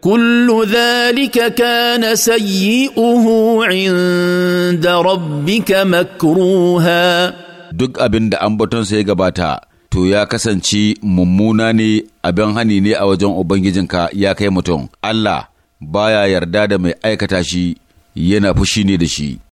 كل ذلك كان سيئه عند ربك مكروها duk abin da ambatonsa ya gabata to ya kasance mummuna ne abin hani ne a wajen ubangijinka ya kai mutum Allah baya yarda da mai aikata shi yana fushi ne da shi